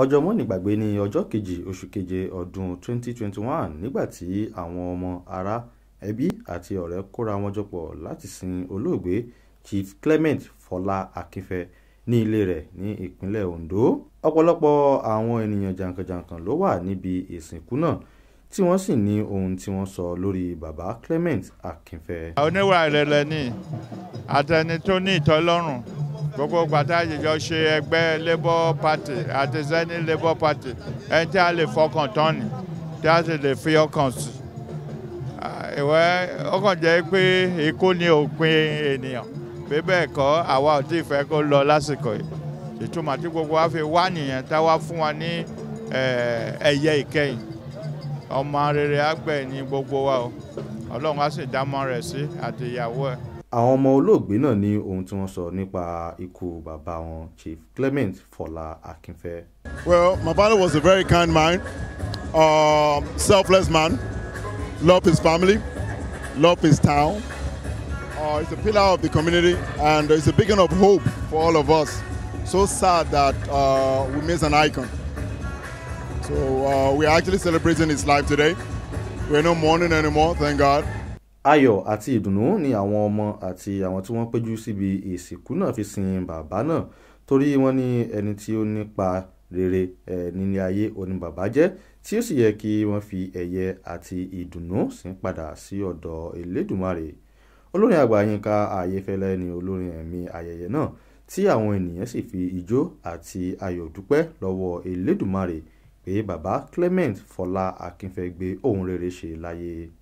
ọjọ́ mọ́nìgbàgbé ni ọjọ́ kejì oṣù keje ọdún 2021 nígbà tí àwọn ọmọ ará ẹbí àti ọ̀rẹ́ kóra wọn jọpọ̀ láti sin olóògbé Chief Clement Fọlá Akínfẹ ní ilé rẹ̀ ní ìpínlẹ̀ Ondo ọ̀pọ̀lọpọ̀ àwọn ènìyàn jàǹkànjàǹkàn ló wà níbi ìsìnkú náà tí wọ́n sì ní ohun tí wọ́n sọ lórí baba Clement Akínfẹ. oníwà ìrẹ̀lẹ̀ ni àtẹni tó ní ìtọ́lọ́rùn gbogbo gbàtà àjẹjọ ṣe ẹgbẹ́ labour party àti zeni labour party ẹni tí a lè fọkàn tán ni tí a sì lè fi ọkàn sùn ìwẹ́ ọkàn jẹ́ pé ikú ni òpin ènìyàn bí bẹ́ẹ̀ kọ́ àwa ò tí ì fẹ́ kó lọ lásìkò yìí ìtumọ̀ tí gbogbo wa fi wá nìyẹn tá wá fún wa ní ẹ̀yẹ ìkẹyìn ọmọ rere àgbẹ̀ ni gbogbo wa o ọlọ́run á sì dámọ́ rẹ̀ sí àti ìyàwó ẹ̀. àwọn ọmọ olóògbé náà ní ohun tí wọ́n sọ nípa ikú bàbá wọn Chief Clement Fọlá Akínfẹ́. Well, my father was a very kind man, uh, selfless man, loved his family, loved his town. Uh, he's a pillar of the community and he's a beacon of hope for all of us. So sad that uh, we miss an icon. So uh, we're actually celebrating his life today. We're not mourning anymore, thank God. ayọ̀ àti ìdùnnú ni àwọn ọmọ àti àwọn tí wọ́n péjú síbi ìsìnkú náà fi sin bàbá náà torí wọ́n ní ẹni tí ó nípa rere ẹ̀ nílé ayé òní bàbá jẹ́ tí ó sì yẹ kí wọ́n fi ẹ̀yẹ àti ìdùnnú sìn padà sí ọ̀dọ̀ Elédùmarè olórin àgbà Yínká Ayéfẹ́lẹ́ ni olórin ẹ̀mí ayẹyẹ náà tí àwọn ènìyàn sì fi ijó àti ayọ̀ dúpẹ́ lọ́wọ́ Elédùmarè pé bàbá Clement Fọlá Akínfẹ́gbé ohun rere ṣe láyé.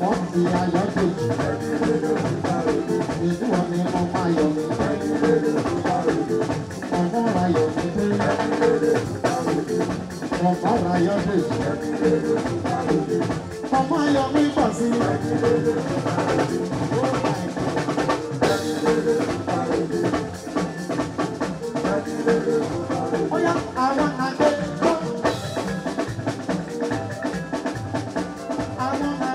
pọ́ǹpì ayọ́dèjì inú ọ̀nì mo máa yọ̀ mí ọ̀gbọ́n ayọ̀ mí dé ọ̀gbọ́n ayọ́dèjì ọmọ ayọ̀ mí pọ̀ sí i. Oya, ara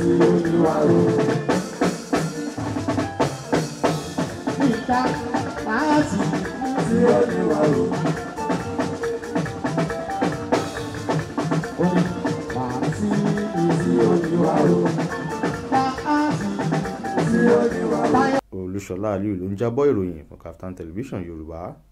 sí olúwa o. Níta máa sì sí olúwa Aliyu ló ń jábọ̀ ìròyìn fún Kaftan television Yorùbá.